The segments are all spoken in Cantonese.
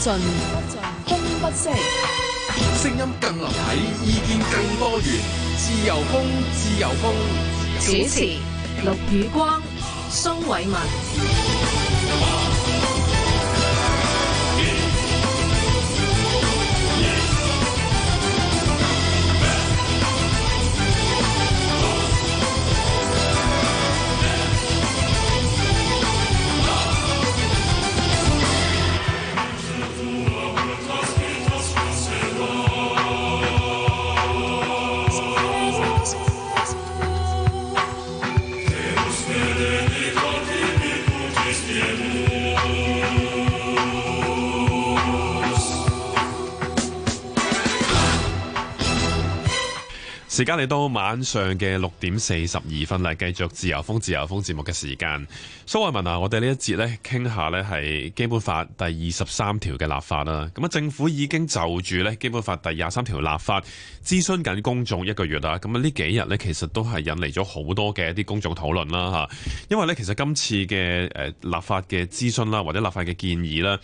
盡不盡風不息，聲音，樂音，樂音更立體，意見更多元，自由風，自由風。自由風主持：陸雨光、蘇偉文。 時間嚟到晚上嘅六點四十二分啦，繼續自由風自由風節目嘅時間。蘇慧文啊，我哋呢一節咧傾下咧係基本法第二十三條嘅立法啦。咁啊，政府已經就住咧基本法第二十三條立法諮詢緊公眾一個月啦。咁啊，呢幾日咧其實都係引嚟咗好多嘅一啲公眾討論啦吓，因為咧其實今次嘅、呃、立法嘅諮詢啦，或者立法嘅建議啦。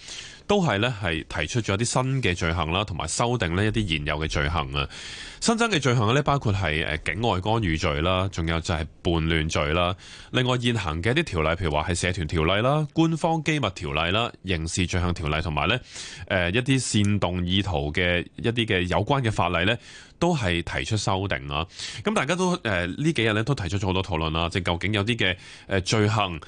都係咧，係提出咗一啲新嘅罪行啦，同埋修訂呢一啲現有嘅罪行啊。新增嘅罪行咧，包括係誒境外干預罪啦，仲有就係叛亂罪啦。另外現行嘅一啲條例，譬如話係社團條例啦、官方機密條例啦、刑事罪行條例，同埋咧誒一啲煽動意圖嘅一啲嘅有關嘅法例咧，都係提出修訂啊。咁大家都誒呢、呃、幾日咧都提出咗好多討論啦，即究竟有啲嘅誒罪行。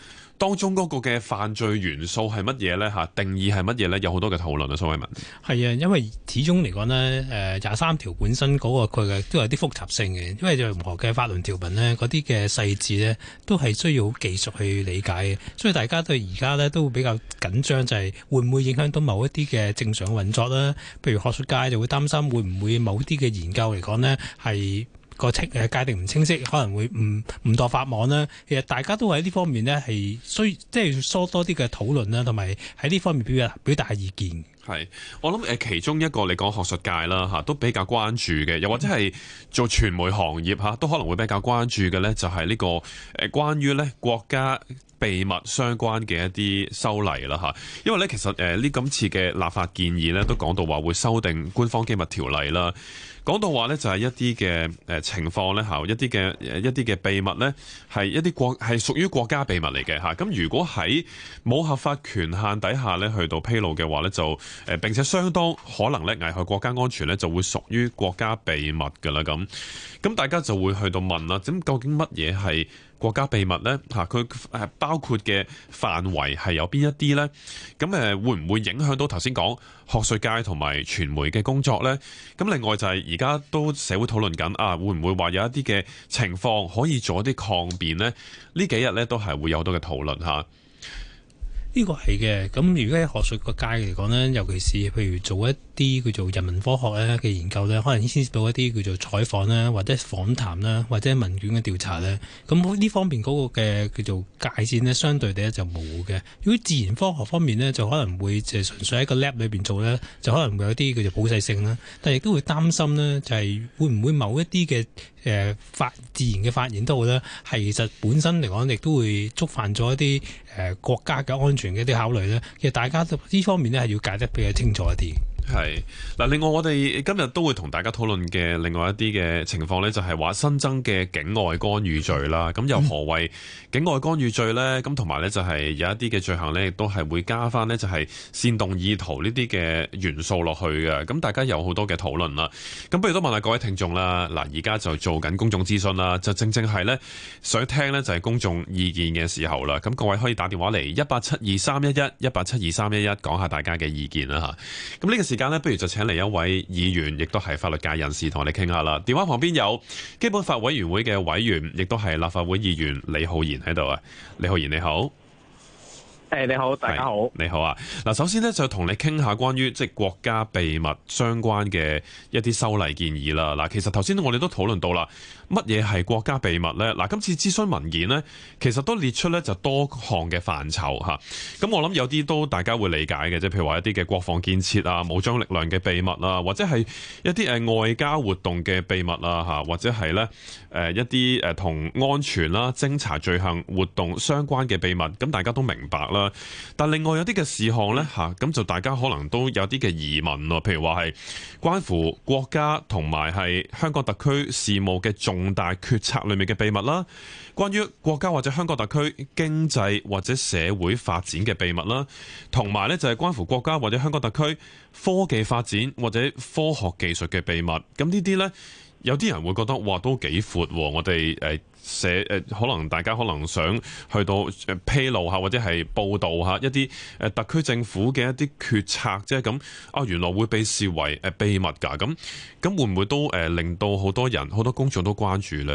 當中嗰個嘅犯罪元素係乜嘢呢？嚇，定義係乜嘢呢？有好多嘅討論啊，蘇偉文。係啊，因為始終嚟講呢，誒廿三條本身嗰、嗰個佢嘅都有啲複雜性嘅，因為任何嘅法律條文呢，嗰啲嘅細節呢，都係需要技術去理解嘅。所以大家對而家呢，都比較緊張，就係會唔會影響到某一啲嘅正常運作呢？譬如學術界就會擔心，會唔會某啲嘅研究嚟講呢，係？個清界定唔清晰，可能會唔唔墮法網啦。其實大家都喺呢方面咧，係需即係要疏多啲嘅討論啦，同埋喺呢方面表表達意見。係我諗誒，其中一個你講學術界啦，嚇，都比較關注嘅，又或者係做傳媒行業嚇，都可能會比較關注嘅呢，就係、是、呢個誒關於咧國家秘密相關嘅一啲修例啦嚇。因為呢，其實誒呢今次嘅立法建議呢，都講到話會修訂官方機密條例啦。講到話呢，就係一啲嘅，誒情況呢，吓一啲嘅一啲嘅秘密呢，係一啲國係屬於國家秘密嚟嘅吓。咁如果喺冇合法權限底下呢，去到披露嘅話呢，就誒並且相當可能呢危害國家安全呢，就會屬於國家秘密㗎喇咁。咁大家就會去到問啦，咁究竟乜嘢係？國家秘密咧嚇，佢誒包括嘅範圍係有邊一啲呢？咁誒會唔會影響到頭先講學術界同埋傳媒嘅工作呢？咁另外就係而家都社會討論緊啊，會唔會話有一啲嘅情況可以做一啲抗辯呢？幾呢幾日咧都係會有好多嘅討論嚇。呢、呢個係嘅。咁如果喺學術界嚟講呢，尤其是譬如做一，啲叫做人文科學咧嘅研究咧，可能牽涉到一啲叫做採訪啦，或者訪談啦，或者問卷嘅調查咧。咁呢方面嗰個嘅叫做界線呢，相對地就冇嘅。如果自然科學方面呢，就可能會就純粹喺個 lab 裏邊做呢，就可能會有啲叫做保勢性啦。但亦都會擔心呢，就係會唔會某一啲嘅誒發自然嘅發現都好呢？係其實本身嚟講，亦都會觸犯咗一啲誒國家嘅安全嘅一啲考慮呢。其實大家都呢方面呢，係要解得比較清楚一啲。係嗱，另外我哋今日都會同大家討論嘅另外一啲嘅情況呢就係話新增嘅境外干預罪啦。咁又何謂境外干預罪呢？咁同埋呢，就係有一啲嘅罪行呢，亦都係會加翻呢，就係煽動意圖呢啲嘅元素落去嘅。咁大家有好多嘅討論啦。咁不如都問下各位聽眾啦。嗱，而家就做緊公眾諮詢啦，就正正係呢，想聽呢，就係公眾意見嘅時候啦。咁各位可以打電話嚟一八七二三一一一八七二三一一講下大家嘅意見啦嚇咁呢個。時間呢，不如就請嚟一位議員，亦都係法律界人士同我哋傾下啦。電話旁邊有基本法委員會嘅委員，亦都係立法會議員李浩然喺度啊。李浩然你好。誒，你好，大家好。你好啊，嗱，首先咧，就同你傾下關於即係國家秘密相關嘅一啲修例建議啦。嗱，其實頭先我哋都討論到啦，乜嘢係國家秘密咧？嗱，今次諮詢文件咧，其實都列出咧就多項嘅範疇吓。咁我諗有啲都大家會理解嘅，即係譬如話一啲嘅國防建設啊、武裝力量嘅秘密啊，或者係一啲誒外交活動嘅秘密啊，吓或者係咧誒一啲誒同安全啦、偵查罪行活動相關嘅秘密，咁大家都明白啦。但另外有啲嘅事項呢，吓，咁就大家可能都有啲嘅疑問咯，譬如話係關乎國家同埋係香港特區事務嘅重大決策裏面嘅秘密啦，關於國家或者香港特區經濟或者社會發展嘅秘密啦，同埋呢就係關乎國家或者香港特區科技發展或者科學技術嘅秘密，咁呢啲呢。有啲人會覺得，哇都幾闊喎！我哋誒、寫、呃呃、可能大家可能想去到披露下，或者係報導下一啲誒、呃、特區政府嘅一啲決策啫。咁、呃、啊，原來會被視為誒秘密㗎。咁、呃、咁會唔會都誒、呃、令到好多人、好多公眾都關注咧？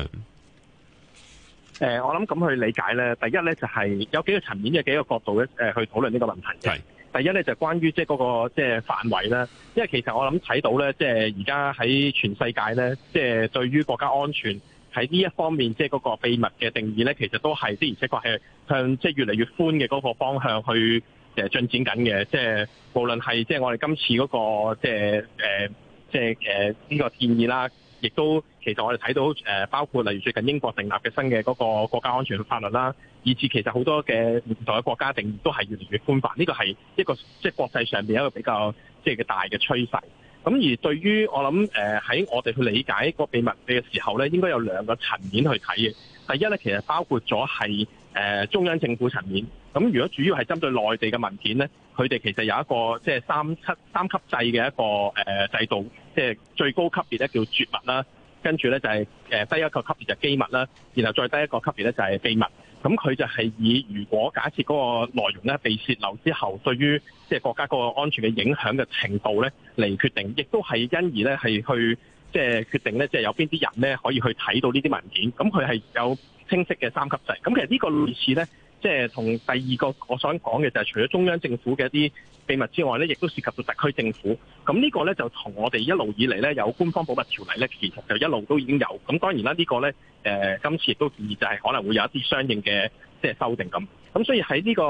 誒、呃，我諗咁去理解咧。第一咧就係有幾個層面、嘅幾個角度去討論呢個問題。第一咧就關於即係嗰個即係範圍啦，因為其實我諗睇到咧，即係而家喺全世界咧，即係對於國家安全喺呢一方面即係嗰個秘密嘅定義咧，其實都係的而且確係向即係越嚟越寬嘅嗰個方向去誒進展緊嘅。即係無論係即係我哋今次嗰個即係誒即係誒呢個建議啦，亦都其實我哋睇到誒包括例如最近英國成立嘅新嘅嗰個國家安全嘅法律啦。以至其實好多嘅現代嘅國家定義都係越嚟越寬泛，呢、這個係一個即係、就是、國際上邊一個比較即係嘅大嘅趨勢。咁而對於我諗誒喺我哋去理解個秘密嘅時候咧，應該有兩個層面去睇嘅。第一咧，其實包括咗係誒中央政府層面。咁如果主要係針對內地嘅文件咧，佢哋其實有一個即係三級三級制嘅一個誒制度，即、就、係、是、最高級別咧叫絕密啦，跟住咧就係誒低一個級別就係機密啦，然後再低一個級別咧就係秘密。咁佢就係以如果假設嗰個內容咧被洩漏之後，對於即係國家嗰個安全嘅影響嘅程度咧嚟決定，亦都係因而咧係去即係決定咧，即係有邊啲人咧可以去睇到呢啲文件。咁佢係有清晰嘅三級制。咁其實呢個類似咧。即係同第二個我想講嘅就係，除咗中央政府嘅一啲秘密之外咧，亦都涉及到特區政府。咁呢個咧就同我哋一路以嚟咧有官方保密條例咧，其實就一路都已經有。咁當然啦，呢個、呢個咧誒今次亦都建議就係可能會有一啲相應嘅即係修訂咁。咁所以喺、呢個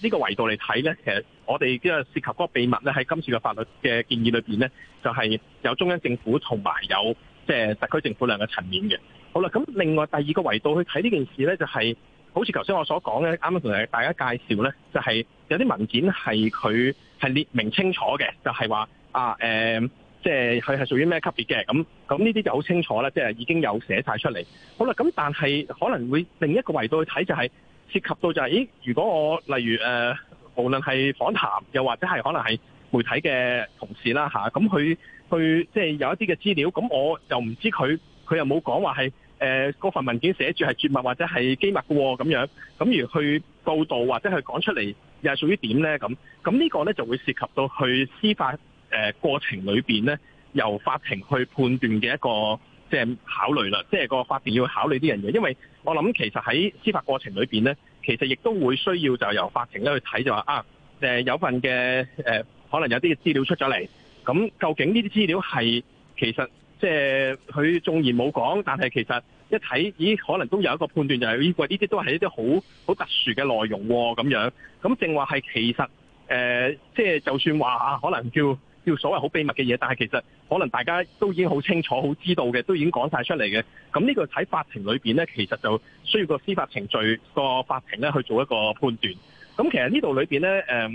呢個、呢個呢個維度嚟睇咧，其實我哋即係涉及嗰個秘密咧，喺今次嘅法律嘅建議裏面咧，就係、係、有中央政府同埋有即係特區政府兩個層面嘅。好啦，咁另外第二個維度去睇呢件事咧，就係、係。好似頭先我所講嘅啱啱同大家介紹呢，就係有啲文件係佢係列明清楚嘅，就係話啊誒，即係佢係屬於咩級別嘅，咁咁呢啲就好清楚啦，即係已經有寫晒出嚟。好啦，咁但係可能會另一個維度去睇，就係涉及到就係，咦？如果我例如誒，無論係訪談，又或者係可能係媒體嘅同事啦吓，咁佢去即係有一啲嘅資料，咁我又唔知佢佢又冇講話係。誒、呃、嗰份文件寫住係絕密或者係機密嘅喎、哦，咁樣咁而去報導或者去講出嚟，又係屬於點呢？咁咁呢個呢，就會涉及到去司法誒、呃、過程裏面呢，由法庭去判斷嘅一個即係、就是、考慮啦。即、就、係、是、個法庭要考慮啲嘢，因為我諗其實喺司法過程裏面呢，其實亦都會需要就由法庭咧去睇，就話啊、呃、有份嘅、呃、可能有啲資料出咗嚟，咁究竟呢啲資料係其實。即係佢縱然冇講，但係其實一睇，咦？可能都有一個判斷，就係呢啲都係一啲好好特殊嘅內容咁樣。咁正話係其實誒，即、呃、係、就係、就算話啊，可能叫叫所謂好秘密嘅嘢，但係其實可能大家都已經好清楚、好知道嘅，都已經講晒出嚟嘅。咁呢個喺法庭裏面咧，其實就需要個司法程序個法庭咧去做一個判斷。咁其實裡裡呢度裏面咧，誒、呃、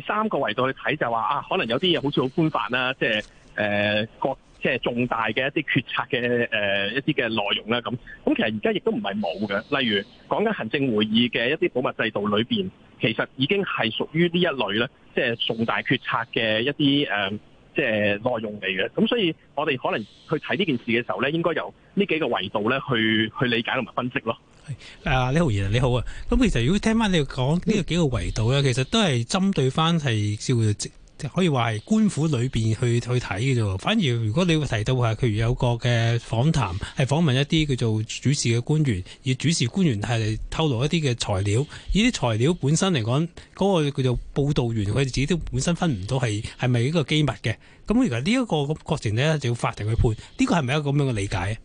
第三個維度去睇就話啊，可能有啲嘢好似好寬泛啦，即係誒各。呃即係重大嘅一啲決策嘅誒一啲嘅內容啦。咁咁其實而家亦都唔係冇嘅。例如講緊行政會議嘅一啲保密制度裏邊，其實已經係屬於呢一類咧，即係重大決策嘅一啲誒、嗯、即係內容嚟嘅。咁所以我哋可能去睇呢件事嘅時候咧，應該由呢幾個維度咧去去理解同埋分析咯。阿李浩然你好啊，咁其實如果聽翻你講呢個幾個維度咧，其實都係針對翻係召會。可以話係官府裏面去去睇嘅啫喎，反而如果你會提到話，譬如有個嘅訪談，係訪問一啲叫做主事嘅官員，而主事官員係透露一啲嘅材料，呢啲材料本身嚟講，嗰個叫做報導員，佢哋自己都本身分唔到係咪一個機密嘅。咁而家呢一個過程呢，就要法庭去判，呢個係咪一個咁樣嘅理解？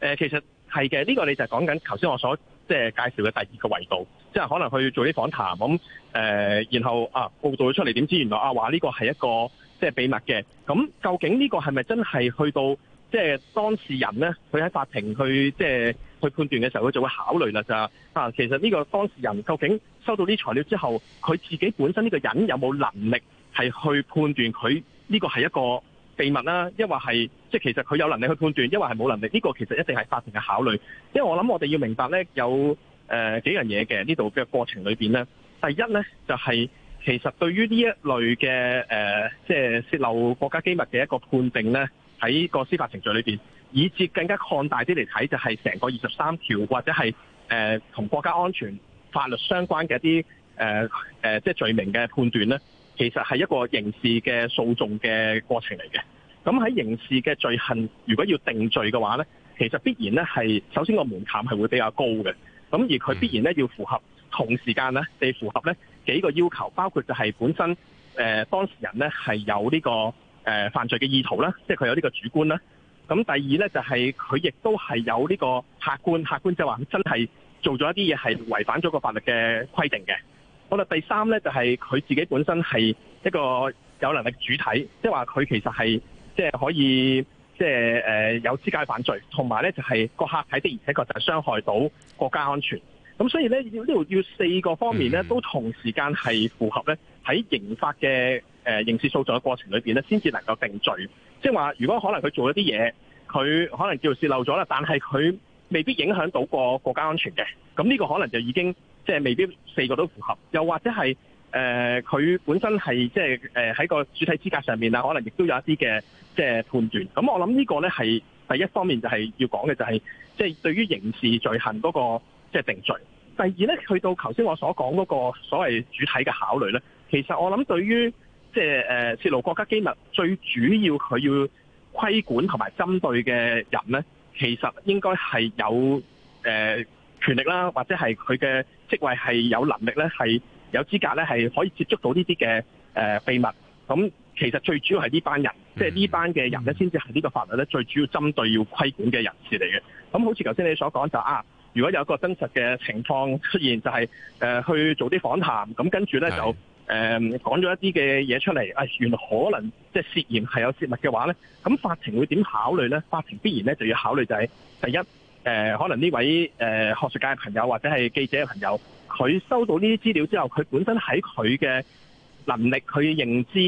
呃、其實係嘅，呢個你就係講緊頭先我所。即係介紹嘅第二個維度，即係可能去做啲訪談咁、嗯呃、然後啊報道咗出嚟，點知原來啊話呢個係一個即係秘密嘅，咁究竟呢個係咪真係去到即係當事人呢？佢喺法庭去即係去判斷嘅時候，佢就會考慮啦、就是，就啊其實呢個當事人究竟收到啲材料之後，佢自己本身呢個人有冇能力係去判斷佢呢個係一個？秘密啦，抑或係即係其實佢有能力去判斷，抑或係冇能力呢、這個其實一定係法庭嘅考慮。因為我諗我哋要明白咧，有誒、呃、幾樣嘢嘅呢度嘅過程裏邊咧，第一咧就係、是、其實對於呢一類嘅誒即係洩漏國家機密嘅一個判定咧，喺個司法程序裏邊，以至更加擴大啲嚟睇，就係、是、成個二十三條或者係誒同國家安全法律相關嘅一啲誒誒即係罪名嘅判斷咧。其實係一個刑事嘅訴訟嘅過程嚟嘅。咁喺刑事嘅罪行，如果要定罪嘅話咧，其實必然咧係首先個門檻係會比較高嘅。咁而佢必然咧要符合同時間咧，係符合咧幾個要求，包括就係本身誒、呃、當事人咧係有呢、呢個誒、呃、犯罪嘅意圖啦，即係佢有呢個主觀啦。咁第二咧就係佢亦都係有呢個客觀，客觀即係話佢真係做咗一啲嘢係違反咗個法律嘅規定嘅。我哋第三咧就係、是、佢自己本身係一個有能力主體，即係話佢其實係即係可以即係誒有資格犯罪，同埋咧就係、是、個客體的而且確就係傷害到國家安全。咁所以咧要呢度要四個方面咧都同時間係符合咧喺刑法嘅誒、呃、刑事訴訟嘅過程裏邊咧先至能夠定罪。即係話如果可能佢做咗啲嘢，佢可能叫洩漏咗啦，但係佢未必影響到個國家安全嘅。咁呢個可能就已經。即係未必四個都符合，又或者係誒佢本身係即係誒喺個主體資格上面啊，可能亦都有一啲嘅即係判斷。咁我諗呢個呢係第一方面就係要講嘅就係即係對於刑事罪行嗰個即係定罪。第二呢，去到頭先我所講嗰個所謂主體嘅考慮呢，其實我諗對於即係誒泄露國家機密最主要佢要規管同埋針對嘅人呢，其實應該係有誒、呃權力啦，或者係佢嘅職位係有能力咧，係有資格咧，係可以接觸到呢啲嘅誒秘密。咁其實最主要係呢班人，嗯、即係呢班嘅人咧，先至係呢個法律咧最主要針對要規管嘅人士嚟嘅。咁好似頭先你所講就啊，如果有一個真實嘅情況出現，就係、是、誒、呃、去做啲訪談，咁跟住咧就誒講咗一啲嘅嘢出嚟，啊、哎、原來可能即係涉嫌係有泄密嘅話咧，咁法庭會點考慮咧？法庭必然咧就要考慮就係、是、第一。誒、呃，可能呢位誒、呃、學術界嘅朋友或者係記者嘅朋友，佢收到呢啲資料之後，佢本身喺佢嘅能力佢嘅認知，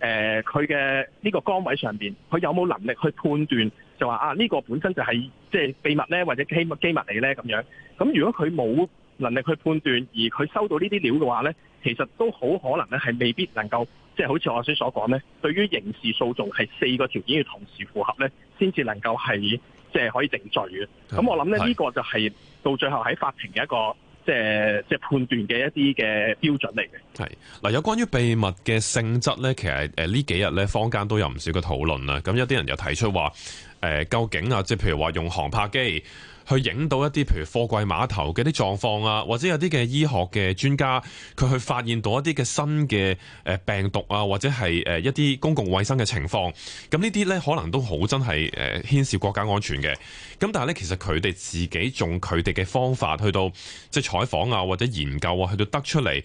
誒佢嘅呢個崗位上面，佢有冇能力去判斷，就話啊呢、呢個本身就係即係秘密呢，或者機密機密嚟呢。咁樣。咁如果佢冇能力去判斷，而佢收到呢啲料嘅話呢，其實都好可能咧，係未必能夠，即、就、係、是、好似我先所講呢，對於刑事訴訟係四個條件要同時符合呢，先至能夠係。即係可以定罪嘅，咁我諗咧呢、這個就係到最後喺法庭嘅一個即係即係判斷嘅一啲嘅標準嚟嘅。係嗱，有關於秘密嘅性質咧，其實誒呢、呃、幾日咧坊間都有唔少嘅討論啦。咁有啲人又提出話，誒、呃、究竟啊，即係譬如話用航拍機。去影到一啲譬如貨櫃碼頭嘅啲狀況啊，或者有啲嘅醫學嘅專家，佢去發現到一啲嘅新嘅誒病毒啊，或者係誒一啲公共衛生嘅情況，咁呢啲呢，可能都好真係誒牽涉國家安全嘅。咁但係呢，其實佢哋自己用佢哋嘅方法去到即係、就是、採訪啊，或者研究啊，去到得出嚟。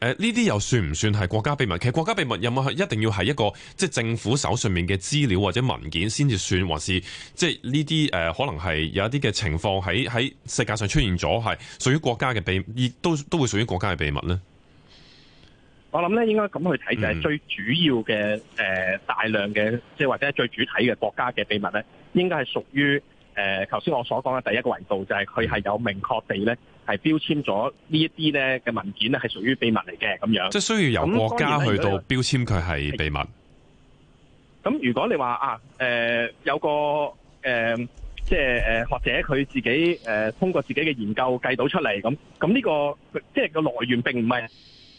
誒、呃，呢啲又算唔算係國家秘密？其實國家秘密有冇係一定要係一個即係政府手上面嘅資料或者文件先至算，還是即係呢啲誒可能係有一啲嘅情況喺喺世界上出現咗，係屬於國家嘅秘密，亦都都會屬於國家嘅秘密呢？我諗呢應該咁去睇就係、是、最主要嘅誒、呃，大量嘅即係或者最主體嘅國家嘅秘密呢，應該係屬於誒，頭、呃、先我所講嘅第一個維度就係佢係有明確地呢。係標籤咗呢一啲咧嘅文件咧，係屬於秘密嚟嘅咁樣。即係需要由國家去到標籤佢係秘密。咁如果你話啊，誒、呃、有個誒、呃、即係誒學者佢自己誒、呃、通過自己嘅研究計到出嚟咁，咁呢、這個即係個來源並唔係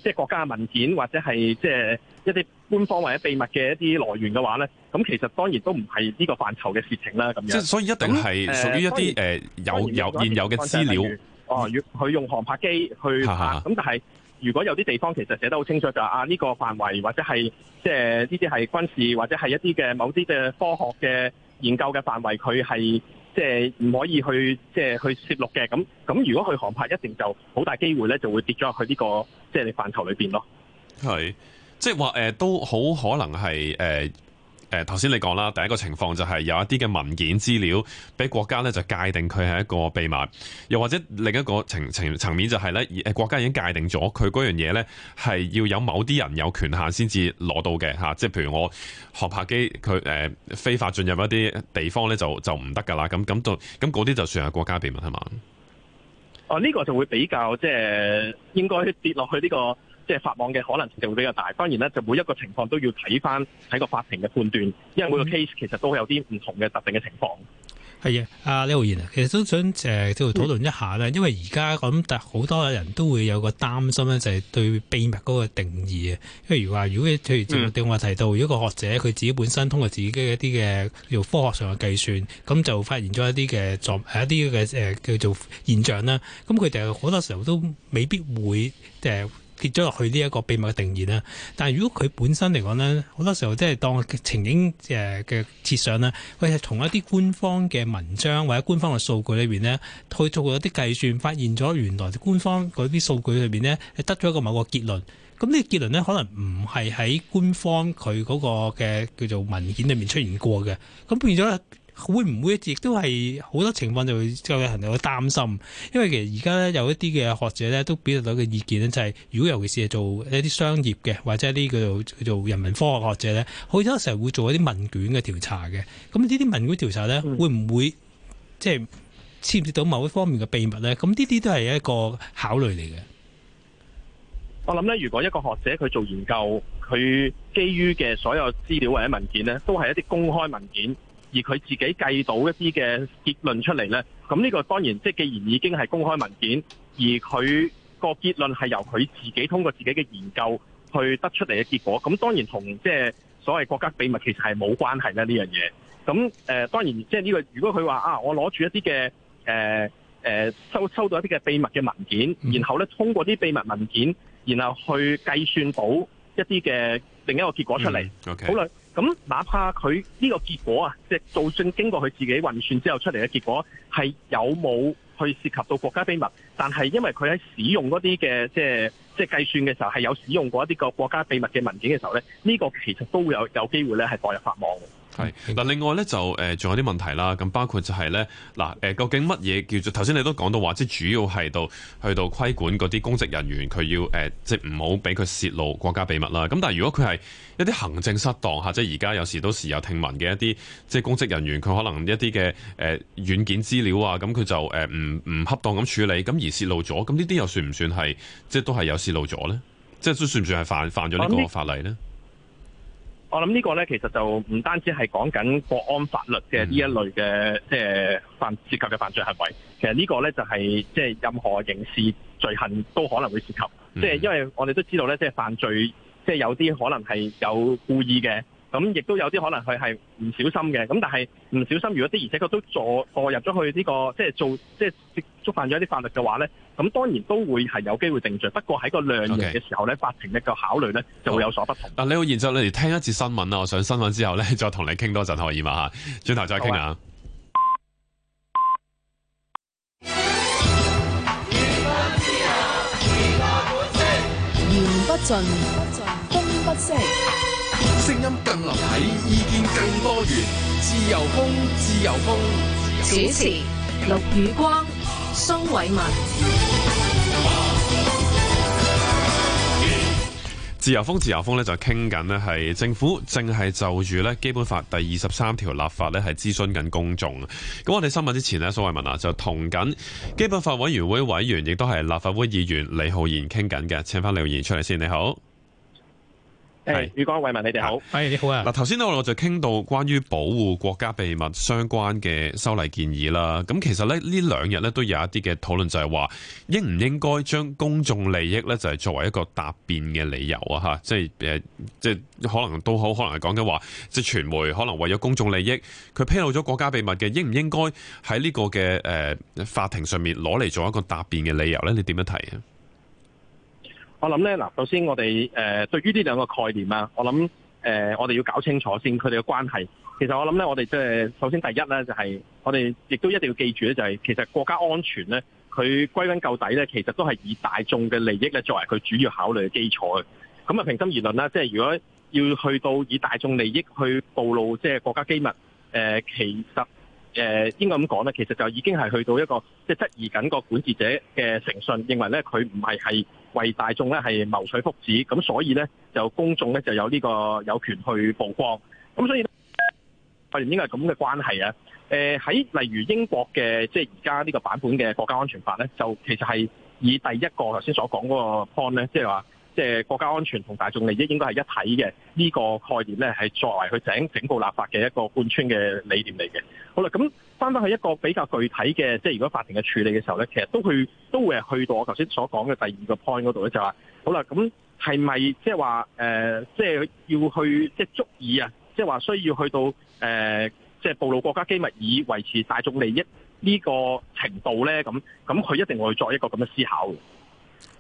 即係國家嘅文件或者係即係一啲官方或者秘密嘅一啲來源嘅話咧，咁其實當然都唔係呢個範疇嘅事情啦。咁即係所以一定係屬於一啲誒、呃呃、有有現有嘅資料的。哦，佢用航拍機去拍，咁但係如果有啲地方其實寫得好清楚就，啊呢、呢個範圍或者係即係呢啲係軍事或者係一啲嘅某啲嘅科學嘅研究嘅範圍，佢係即係唔可以去即係去攝錄嘅。咁咁如果佢航拍一定就好大機會咧，就會跌咗入去呢個即係範疇裏邊咯。係，即係話誒，都好可能係誒。呃誒頭先你講啦，第一個情況就係有一啲嘅文件資料俾國家咧，就界定佢係一個秘密；又或者另一個情情層面就係咧，誒國家已經界定咗，佢嗰樣嘢咧係要有某啲人有權限先至攞到嘅嚇。即係譬如我航拍機，佢誒、呃、非法進入一啲地方咧，就不了那那就唔得噶啦。咁咁就咁嗰啲就算係國家秘密係嘛？哦，呢、這個就會比較即係、就是、應該跌落去呢、這個。即係法網嘅可能性會比較大，當然咧，就每一個情況都要睇翻睇個法庭嘅判斷，因為每個 case 其實都有啲唔同嘅特定嘅情況。係、嗯、啊，阿李浩然啊，其實都想誒，即係討論一下咧，因為而家咁，但好多人都會有個擔心咧，就係、是、對秘密嗰個定義啊。譬如話，如果譬如正如我提到，嗯、如果一個學者佢自己本身通過自己嘅一啲嘅叫做科學上嘅計算，咁就發現咗一啲嘅作係一啲嘅誒叫做現象啦。咁佢哋好多時候都未必會誒。呃跌咗落去呢一個秘密嘅定義啦，但係如果佢本身嚟講咧，好多時候即係當情景誒嘅設想啦，佢係從一啲官方嘅文章或者官方嘅數據裏邊咧，去做過一啲計算，發現咗原來官方嗰啲數據裏邊咧係得咗一個某個結論，咁呢個結論咧可能唔係喺官方佢嗰個嘅叫做文件裏面出現過嘅，咁變咗咧。會唔會亦都係好多情況，就會就有人有擔心？因為其實而家咧有一啲嘅學者咧都表達到嘅意見咧就係、是，如果尤其是做一啲商業嘅或者係呢叫做叫做人文科學學者咧，好多時候會做一啲問卷嘅調查嘅。咁呢啲問卷調查咧會唔會、嗯、即係涉及到某一方面嘅秘密咧？咁呢啲都係一個考慮嚟嘅。我諗咧，如果一個學者佢做研究，佢基於嘅所有資料或者文件咧，都係一啲公開文件。而佢自己計到一啲嘅結論出嚟呢，咁呢個當然，即既然已經係公開文件，而佢個結論係由佢自己通過自己嘅研究去得出嚟嘅結果，咁當然同即係所謂國家秘密其實係冇關係啦呢樣嘢。咁誒、呃、當然即係、這、呢個，如果佢話啊，我攞住一啲嘅誒收收到一啲嘅秘密嘅文件，然後呢通過啲秘密文件，然後去計算到一啲嘅另一個結果出嚟，好、嗯、啦。Okay. 咁哪怕佢呢個結果啊，即係就算經過佢自己運算之後出嚟嘅結果，係有冇去涉及到國家秘密？但係因為佢喺使用嗰啲嘅即係即係計算嘅時候，係有使用過一啲個國家秘密嘅文件嘅時候咧，呢個其實都會有有機會咧係代入法網。係嗱，另外咧就誒仲，呃、有啲問題啦，咁包括就係咧嗱，誒究竟乜嘢叫做頭先你都講到話，即主要係到去到規管嗰啲公職人員，佢要，呃、即唔好俾佢泄露國家秘密啦。咁但係如果佢係一啲行政失當嚇，即而家有時都時有聽聞嘅一啲即公職人員，佢可能一啲嘅誒軟件資料啊，咁佢就唔唔，呃、恰當咁處理，咁而泄露咗，咁呢啲又算唔算係即都係有泄露咗咧？即都算唔算係犯犯咗呢個法例咧？我諗呢個呢，其實就唔單止係講緊國安法律嘅呢、嗯、一類嘅即係犯涉及嘅犯罪行為，其實呢個呢，就係、是、即係任何刑事罪行都可能會涉及，嗯、即係因為我哋都知道呢即係犯罪即係有啲可能係有故意嘅。咁亦都有啲可能佢係唔小心嘅，咁但係唔小心，如果啲而且佢都坐坐入咗去呢、呢個即係做即係觸犯咗一啲法律嘅話呢，咁當然都會係有機會定罪。不過喺個量刑嘅時候呢，okay. 法庭嘅個考慮呢就會有所不同。但、okay. 你、啊、好，然之你哋聽一次新聞啊，我上新聞之後呢，再同你傾多陣可以嘛？嚇，轉頭再傾啊。聲音更立體，意見更多元，自由風，自由風。主持：陸宇光、蘇偉文。自由風，自由風呢就傾緊呢係政府正係就住呢基本法第二十三條立法呢係諮詢緊公眾，咁我哋新聞之前呢，蘇偉文啊就同緊基本法委員會委員亦都係立法會議員李浩然傾緊嘅，請返李浩然出嚟先，你好。係，與光為民，你哋好。係、啊、你、哎、好啊。嗱，頭先咧，我就傾到關於保護國家秘密相關嘅修例建議啦。咁其實咧，呢兩日咧都有一啲嘅討論，就係話應唔應該將公眾利益咧，就係作為一個答辯嘅理由啊。吓、呃，即係誒，即係可能都好，可能係講緊話，即係傳媒可能為咗公眾利益，佢披露咗國家秘密嘅，應唔應該喺呢個嘅誒、呃、法庭上面攞嚟做一個答辯嘅理由咧？你點樣睇啊？我諗咧，嗱，首先我哋誒、呃，對於呢兩個概念啊，我諗誒、呃，我哋要搞清楚先佢哋嘅關係。其實我諗咧，我哋即係首先第一咧，就係、是、我哋亦都一定要記住咧，就是，就係其實國家安全咧，佢歸根究底咧，其實都係以大眾嘅利益咧作為佢主要考慮嘅基礎嘅。咁啊，平心而論啦，即、就、係、是、如果要去到以大眾利益去暴露即係、就是、國家機密，誒、呃，其實誒、呃，應該咁講咧，其實就已經係去到一個即係質疑緊個管治者嘅誠信，認為咧佢唔係係。為大眾咧係謀取福祉，咁所以咧就公眾咧就有呢、這個有權去曝光，咁所以咧發現應該係咁嘅關係啊。誒、呃，喺例如英國嘅即係而家呢個版本嘅國家安全法咧，就其實係以第一個頭先所講嗰個 point 咧，即係話。即係國家安全同大眾利益應該係一體嘅呢個概念咧，係作為佢整整部立法嘅一個貫穿嘅理念嚟嘅。好啦，咁翻返去一個比較具體嘅，即係如果法庭嘅處理嘅時候咧，其實都去都誒去到我頭先所講嘅第二個 point 嗰度咧，就係好啦，咁係咪即係話誒，即係要去即係足以啊，即係話需要去到誒，即係暴露國家機密以維持大眾利益呢個程度咧？咁咁佢一定會作一個咁嘅思考嘅。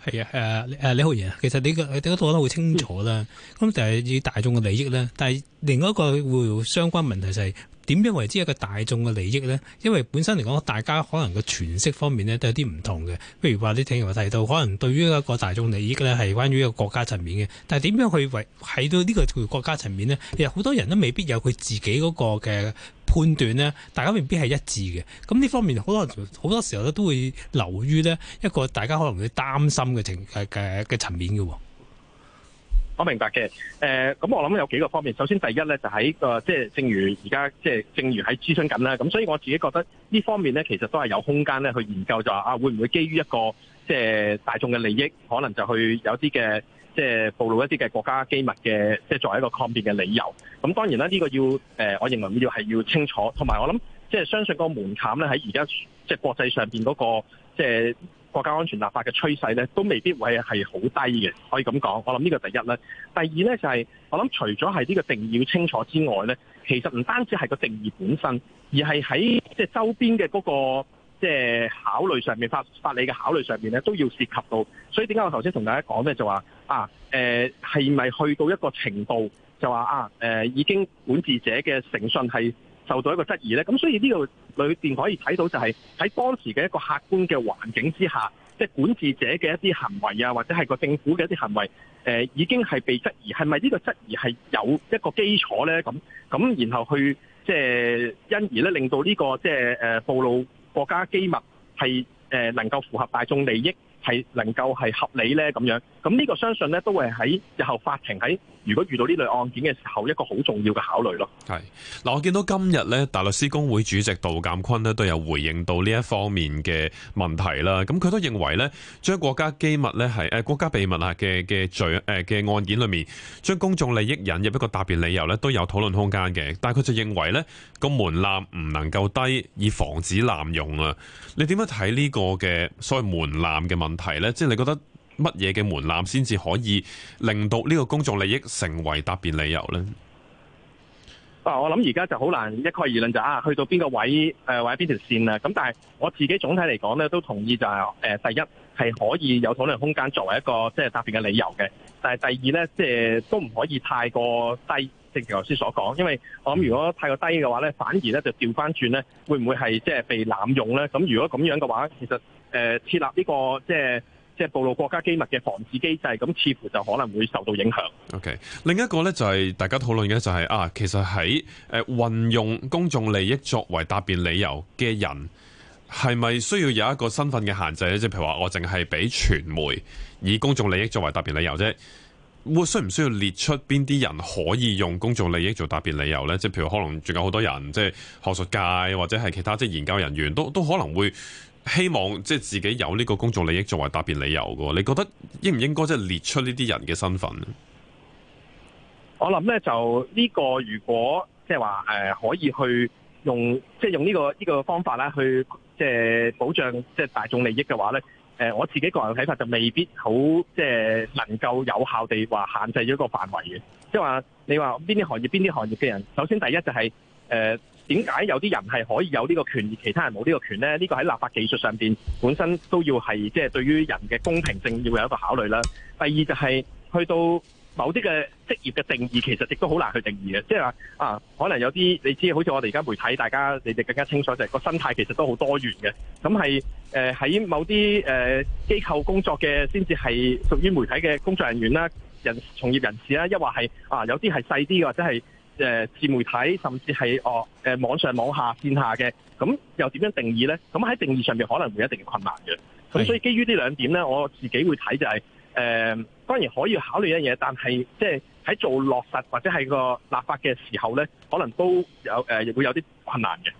係啊，誒誒李浩然啊，其實你個你都講得好清楚啦，咁就係以大眾嘅利益咧，但係另一個會相關問題就係、是。點樣為之一個大眾嘅利益呢？因為本身嚟講，大家可能個詮釋方面呢都有啲唔同嘅。譬如話，你聽我提到，可能對於一個大眾利益呢，係關於一個國家層面嘅。但係點樣去維喺到呢個國家層面呢？其實好多人都未必有佢自己嗰個嘅判斷呢，大家未必係一致嘅。咁呢方面好多，可能好多時候都會流於呢一個大家可能會擔心嘅情嘅嘅層面嘅喎。我明白嘅，誒、呃，咁我諗有幾個方面。首先第一咧，就喺即係，就是、正如而家即係，就是、正如喺諮詢緊啦。咁所以我自己覺得呢方面咧，其實都係有空間咧去研究、就是，就話啊，會唔會基於一個即係、就是、大眾嘅利益，可能就去有啲嘅即係暴露一啲嘅國家機密嘅，即、就、係、是、作為一個抗辯嘅理由。咁當然啦，呢、這個要誒、呃，我認為要係要清楚。同埋我諗，即、就、係、是、相信個門檻咧，喺而家即係國際上面嗰、那個即係。就是國家安全立法嘅趨勢咧，都未必會係好低嘅，可以咁講。我諗呢個第一咧，第二咧就係、是、我諗除咗係呢個定義要清楚之外咧，其實唔單止係個定義本身，而係喺即係周邊嘅嗰、那個即係、就是、考慮上面法法理嘅考慮上面咧，都要涉及到。所以點解我頭先同大家講咧，就話啊誒，係、呃、咪去到一個程度就話啊、呃、已經管治者嘅誠信係？受到一個質疑咧，咁所以呢度裏面可以睇到，就係喺當時嘅一個客觀嘅環境之下，即係管治者嘅一啲行為啊，或者係個政府嘅一啲行為，呃、已經係被質疑，係咪呢個質疑係有一個基礎咧？咁咁，然後去即係因而咧，令到呢個即係誒暴露國家機密係誒能夠符合大眾利益，係能夠係合理咧咁樣。咁呢個相信咧，都會喺日後法庭喺。如果遇到呢類案件嘅時候，一個好重要嘅考慮咯。係，嗱我見到今日咧，大律師公會主席杜鑒坤咧都有回應到呢一方面嘅問題啦。咁佢都認為咧，將國家機密咧係誒國家秘密啊嘅嘅罪誒嘅案件裏面，將公眾利益引入一個答辯理由咧都有討論空間嘅。但係佢就認為咧，個門檻唔能夠低，以防止濫用啊。你點樣睇呢個嘅所謂門檻嘅問題咧？即係你覺得？乜嘢嘅門檻先至可以令到呢個公眾利益成為答辯理由咧？啊，我諗而家就好難一概而論就啊，去到邊個位誒、呃，或者邊條線啊？咁但係我自己總體嚟講咧，都同意就係、是、誒、呃，第一係可以有討論空間作為一個即係答辯嘅理由嘅。但係第二咧，即係都唔可以太過低。正如頭先所講，因為我諗如果太過低嘅話咧，反而咧就調翻轉咧，會唔會係即係被濫用咧？咁如果咁樣嘅話，其實誒、呃、設立呢、呢個即係。即係暴露國家機密嘅防止機制，咁似乎就可能會受到影響。OK，另一個咧就係大家討論嘅就係、是、啊，其實喺誒運用公眾利益作為答辯理由嘅人，係咪需要有一個身份嘅限制咧？即係譬如話，我淨係俾傳媒以公眾利益作為答辯理由啫，會需唔需要列出邊啲人可以用公眾利益做答辯理由咧？即係譬如可能仲有好多人，即係學術界或者係其他即係研究人員都都可能會。希望即係自己有呢個公眾利益作為抗辯理由嘅，你覺得應唔應該即係列出呢啲人嘅身份？我諗咧，就呢個如果即係話誒，可以去用即係、就是、用呢、這個呢、這個方法咧，去即係、就是、保障即係、就是、大眾利益嘅話咧，誒、呃，我自己個人睇法就未必好即係、就是、能夠有效地話限制咗一個範圍嘅，即係話你話邊啲行業邊啲行業嘅人，首先第一就係、是、誒。呃點解有啲人係可以有呢個權，而其他人冇呢個權呢？呢個喺立法技術上邊本身都要係即係對於人嘅公平性要有一個考慮啦。第二就係去到某啲嘅職業嘅定義，其實亦都好難去定義嘅，即係話啊，可能有啲你知，好似我哋而家媒體，大家你哋更加清楚就係個生態其實都好多元嘅。咁係誒喺某啲誒機構工作嘅，先至係屬於媒體嘅工作人員啦，人從業人士啦，抑或係啊有啲係細啲或者係。啊誒、呃，自媒體甚至係哦、呃，網上網下線下嘅，咁又點樣定義呢？咁喺定義上面可能會有一定困難嘅。咁所以基於呢兩點呢，我自己會睇就係、是、誒、呃，當然可以考慮一樣嘢，但係即係喺做落實或者係個立法嘅時候呢，可能都有誒，亦、呃、會有啲困難嘅。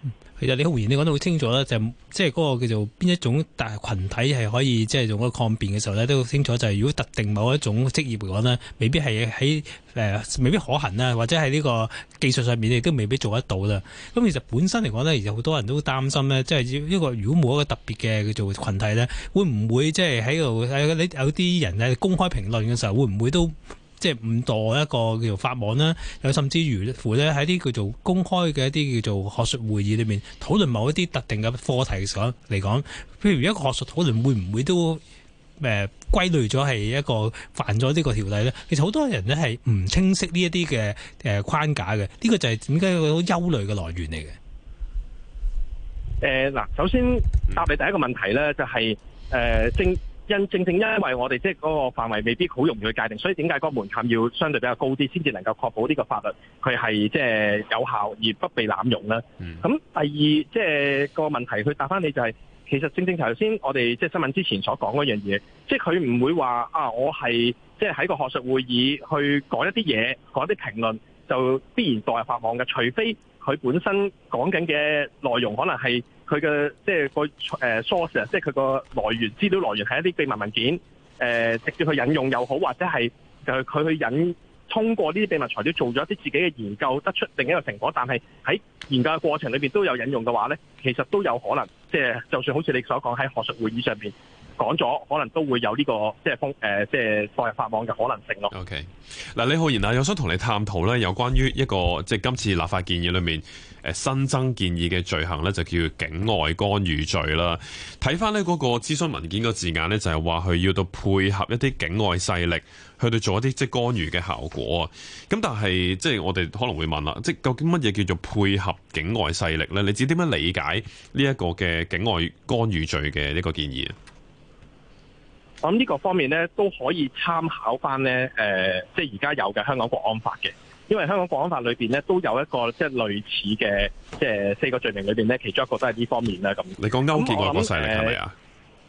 嗯嗯、其實李浩然，你講得好清楚啦，就即係嗰個叫做邊一種大群體係可以即係、就是、用個抗辯嘅時候咧，都好清楚就係如果特定某一種職業嚟講呢，未必係喺誒未必可行啦，或者係呢個技術上面亦都未必做得到啦。咁其實本身嚟講呢，其實好多人都擔心呢，即係呢個如果冇一個特別嘅叫做群體呢，會唔會即係喺度你有啲人公開評論嘅時候，會唔會都？即係誤墮一個叫做法網啦，有甚至乎咧喺啲叫做公開嘅一啲叫做學術會議裏面討論某一啲特定嘅課題上嚟講，譬如一個學術討論會唔會都誒歸類咗係一個犯咗呢個條例咧？其實好多人咧係唔清晰呢一啲嘅誒框架嘅，呢、這個就係點解好憂慮嘅來源嚟嘅。誒、呃、嗱，首先答你第一個問題咧，就係誒政。呃因正正因為我哋即係嗰個範圍未必好容易去界定，所以點解嗰門檻要相對比較高啲，先至能夠確保呢個法律佢係即係有效而不被濫用啦。咁、嗯、第二即係、就是、個問題，佢答翻你就係、是、其實正正頭先我哋即係新聞之前所講嗰樣嘢，即係佢唔會話啊，我係即係喺個學術會議去講一啲嘢，講一啲評論就必然墮入法網嘅，除非佢本身講緊嘅內容可能係。佢嘅即係個誒 source 即係佢個來源，資料來源係一啲秘密文件，誒直接去引用又好，或者係就佢去引，通過呢啲秘密材料做咗一啲自己嘅研究，得出另一個成果，但係喺研究嘅過程裏邊都有引用嘅話咧，其實都有可能，即係就算好似你所講喺學術會議上面。講咗，可能都會有呢、這個即係封誒，即係再入法網嘅可能性咯。OK，嗱，李浩然啊，又想同你探討咧，有關於一個即係、就是、今次立法建議裏面新增建議嘅罪行咧，就叫做境外干預罪啦。睇翻呢個個諮詢文件個字眼咧，就係話佢要到配合一啲境外勢力去到做一啲即干預嘅效果。咁但係即係我哋可能會問啦，即究竟乜嘢叫做配合境外勢力咧？你指點樣理解呢一個嘅境外干預罪嘅呢個建議我諗呢個方面咧都可以參考翻咧，誒，即係而家有嘅香港國安法嘅，因為香港國安法裏邊咧都有一個即係類似嘅，即係四個罪名裏邊咧，其中一個都係呢方面啦。咁你講勾結咁多勢力係咪啊？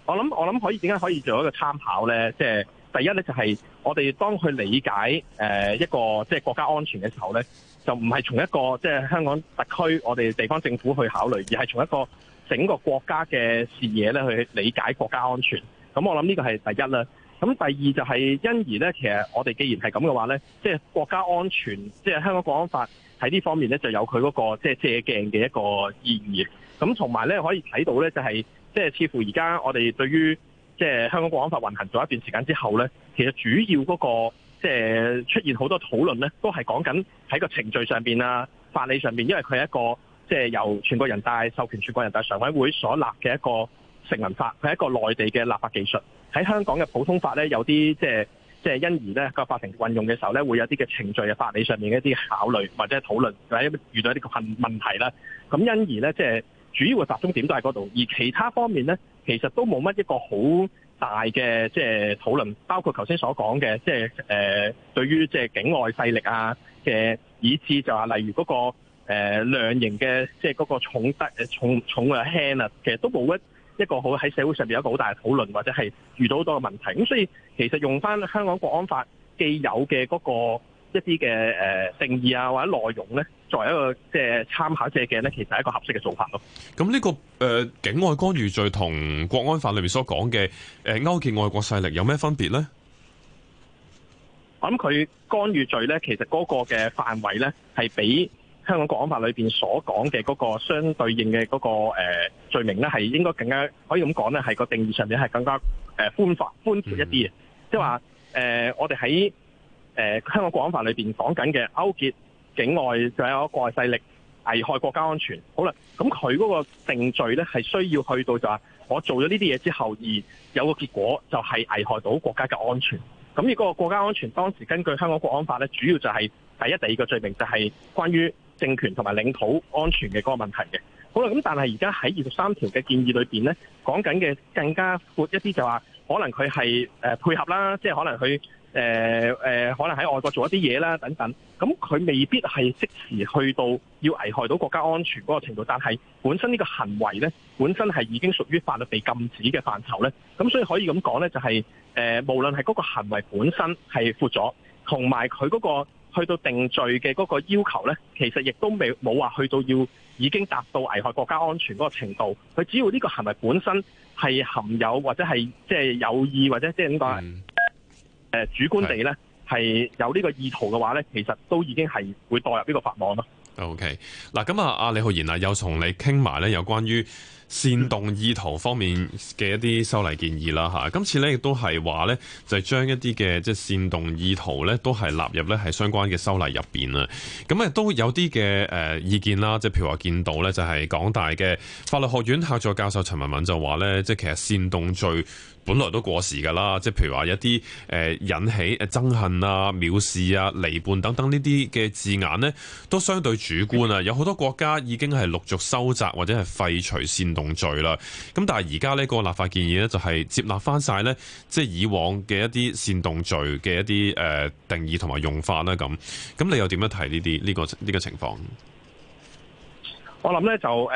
我諗，我諗可以點解可以做一個參考咧？即係第一咧就係我哋當去理解誒一個即係國家安全嘅時候咧，就唔係從一個即係香港特區我哋地方政府去考慮，而係從一個整個國家嘅視野咧去理解國家安全。咁我諗呢個係第一啦。咁第二就係因而呢，其實我哋既然係咁嘅話呢，即係國家安全，即係香港國安法喺呢方面呢，就有佢嗰個即係借鏡嘅一個意義。咁同埋呢，可以睇到呢，就係即係似乎而家我哋對於即係香港國安法運行咗一段時間之後呢，其實主要嗰個即係出現好多討論呢，都係講緊喺個程序上面啊、法理上面，因為佢係一個即係由全國人大授權全國人大常委會所立嘅一個。成文法佢係一個內地嘅立法技術，喺香港嘅普通法咧有啲即係即係因而咧個法庭運用嘅時候咧會有啲嘅程序嘅法理上面嘅一啲考慮或者討論，或者遇到一啲困問題啦。咁因而咧即係主要嘅集中點都喺嗰度，而其他方面咧其實都冇乜一個好大嘅即係討論，包括頭先所講嘅即係誒對於即係境外勢力啊嘅以至就話例如嗰個誒量刑嘅即係嗰個重得誒重重啊輕啊，其實都冇乜。一個好喺社會上面，有一個好大嘅討論，或者係遇到好多嘅問題。咁所以其實用翻香港國安法既有嘅嗰個一啲嘅誒定義啊，或者內容咧，作為一個即係參考借鏡咧，其實係一個合適嘅做法咯。咁呢、這個誒、呃、境外干預罪同國安法裡面所講嘅誒勾結外國勢力有咩分別咧？咁佢干預罪咧，其實嗰個嘅範圍咧係比香港國安法裏面所講嘅嗰個相對應嘅嗰、個、呃、罪名咧，係應該更加可以咁講咧，係個定義上面係更加誒寬泛寬闊一啲嘅，即係話我哋喺誒香港國安法裏面講緊嘅勾結境外仲有個國外勢力危害國家安全，好啦，咁佢嗰個定罪咧係需要去到就係我做咗呢啲嘢之後而有個結果就係危害到國家嘅安全。咁而嗰個國家安全當時根據香港國安法咧，主要就係、是、第一、第二個罪名就係關於。政權同埋領土安全嘅嗰個問題嘅，好啦，咁但係而家喺二十三條嘅建議裏邊咧，講緊嘅更加闊一啲、就是，就話可能佢係誒配合啦，即係可能佢誒、呃呃、可能喺外國做一啲嘢啦等等，咁、嗯、佢未必係即時去到要危害到國家安全嗰個程度，但係本身呢個行為咧，本身係已經屬於法律被禁止嘅範疇咧，咁、嗯、所以可以咁講咧，就係、是、誒、呃、無論係嗰個行為本身係闊咗，同埋佢嗰個。去到定罪嘅嗰個要求咧，其實亦都未冇話去到要已經達到危害國家安全嗰個程度。佢只要呢個行為本身係含有或者係即係有意或者即係點講？誒，主觀地咧係有呢個意圖嘅話咧、嗯，其實都已經係會墮入呢個法網啦。OK，嗱咁啊，阿李浩然啊，又同你傾埋咧，有關於。煽動意圖方面嘅一啲修例建議啦嚇，今次咧亦都係話咧就係、是、將一啲嘅即係煽動意圖咧都係納入咧係相關嘅修例入邊啊，咁啊都有啲嘅誒意見啦，即係譬如話見到咧就係、是、港大嘅法律學院客座教授陳文敏就話咧，即、就、係、是、其實煽動罪。本來都過時噶啦，即係譬如話一啲誒、呃、引起誒憎恨啊、藐視啊、離叛等等呢啲嘅字眼呢，都相對主觀啊。有好多國家已經係陸續收窄或者係廢除煽動罪啦。咁但係而家呢個立法建議呢，就係接納翻晒呢，即係以往嘅一啲煽動罪嘅一啲誒定義同埋用法啦。咁咁你又點樣睇呢啲呢個呢個情況？我諗呢就誒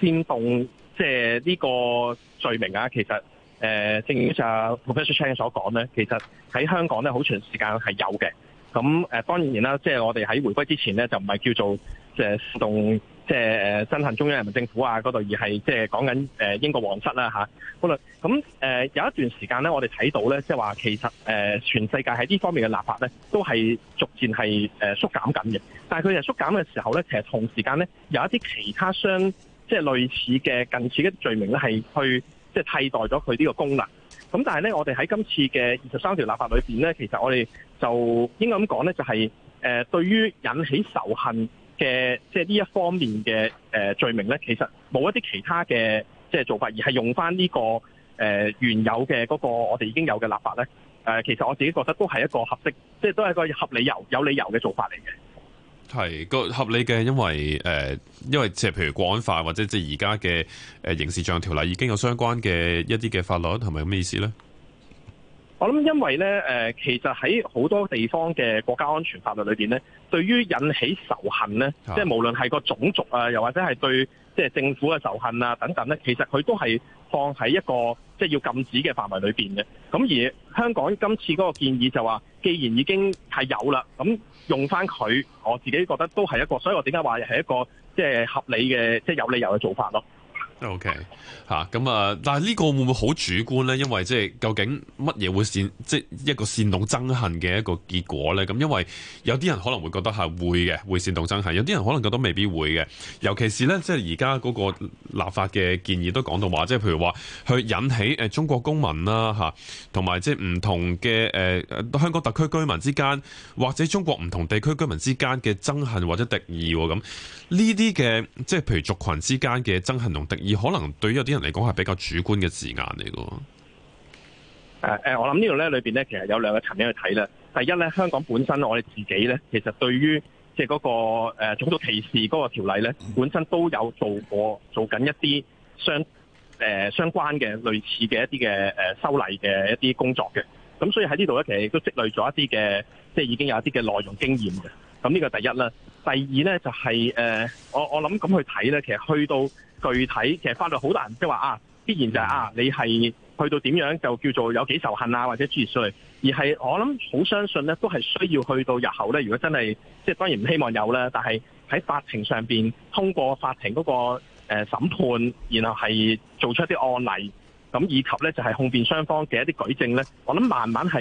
煽動即係呢個罪名啊，其實。誒，正如阿 Professor Chan 所講咧，其實喺香港咧，好長時間係有嘅。咁誒，當然啦，即係我哋喺回歸之前咧，就唔係叫做即係動即係憎恨中央人民政府啊嗰度，而係即係講緊誒英國皇室啦嚇。好啦，咁誒有一段時間咧，我哋睇到咧，即係話其實誒全世界喺呢方面嘅立法咧，都係逐漸係誒縮減緊嘅。但係佢哋縮減嘅時候咧，其實同時間咧有一啲其他相即係類似嘅近似嘅罪名咧，係去。即係替代咗佢呢個功能，咁但係咧，我哋喺今次嘅二十三條立法裏邊咧，其實我哋就應該咁講咧，就係、是、誒對於引起仇恨嘅即係呢一方面嘅誒罪名咧，其實冇一啲其他嘅即係做法，而係用翻呢、這個誒、呃、原有嘅嗰個我哋已經有嘅立法咧誒、呃，其實我自己覺得都係一個合適，即係都係一個合理由有理由嘅做法嚟嘅。係個合理嘅，因為誒、呃，因為即係譬如國安法或者即係而家嘅誒刑事像條例已經有相關嘅一啲嘅法律，係咪咩意思咧？我諗因為咧，誒、呃，其實喺好多地方嘅國家安全法律裏邊咧，對於引起仇恨咧，即係無論係個種族啊，又或者係對。即係政府嘅仇恨啊等等咧，其實佢都係放喺一個即係要禁止嘅範圍裏邊嘅。咁而香港今次嗰個建議就話，既然已經係有啦，咁用翻佢，我自己覺得都係一個，所以我點解話係一個即係合理嘅，即係有理由嘅做法咯。O K. 吓，咁啊，但係呢個會唔會好主觀咧？因為即係究竟乜嘢會煽，即係一個煽動憎恨嘅一個結果咧？咁因為有啲人可能會覺得係會嘅，會煽動憎恨；有啲人可能覺得未必會嘅。尤其是咧，即係而家嗰個立法嘅建議都講到話，即係譬如話去引起誒中國公民啦吓，同埋即係唔同嘅誒香港特區居民之間，或者中國唔同地區居民之間嘅憎恨或者敵意咁呢啲嘅，即係譬如族群之間嘅憎恨同敵。而可能對於有啲人嚟講係比較主觀嘅字眼嚟㗎。誒誒，我諗呢度咧，裏邊咧其實有兩個層面去睇咧。第一咧，香港本身我哋自己咧，其實對於即係嗰個誒、呃、種族歧視嗰個條例咧，本身都有做過做緊一啲相誒、呃、相關嘅類似嘅一啲嘅誒修例嘅一啲工作嘅。咁所以喺呢度咧，其實亦都積累咗一啲嘅即係已經有一啲嘅內容經驗嘅。咁呢個第一啦。第二咧就係、是、誒、呃，我我諗咁去睇咧，其實去到。具體其實法律好難即係話啊，必然就係啊，你係去到點樣就叫做有幾仇恨啊，或者諸如此類，而係我諗，好相信咧，都係需要去到日後咧。如果真係即係當然唔希望有啦，但係喺法庭上邊，通過法庭嗰個誒審判，然後係做出一啲案例，咁以及咧就係控辯雙方嘅一啲舉證咧，我諗慢慢係。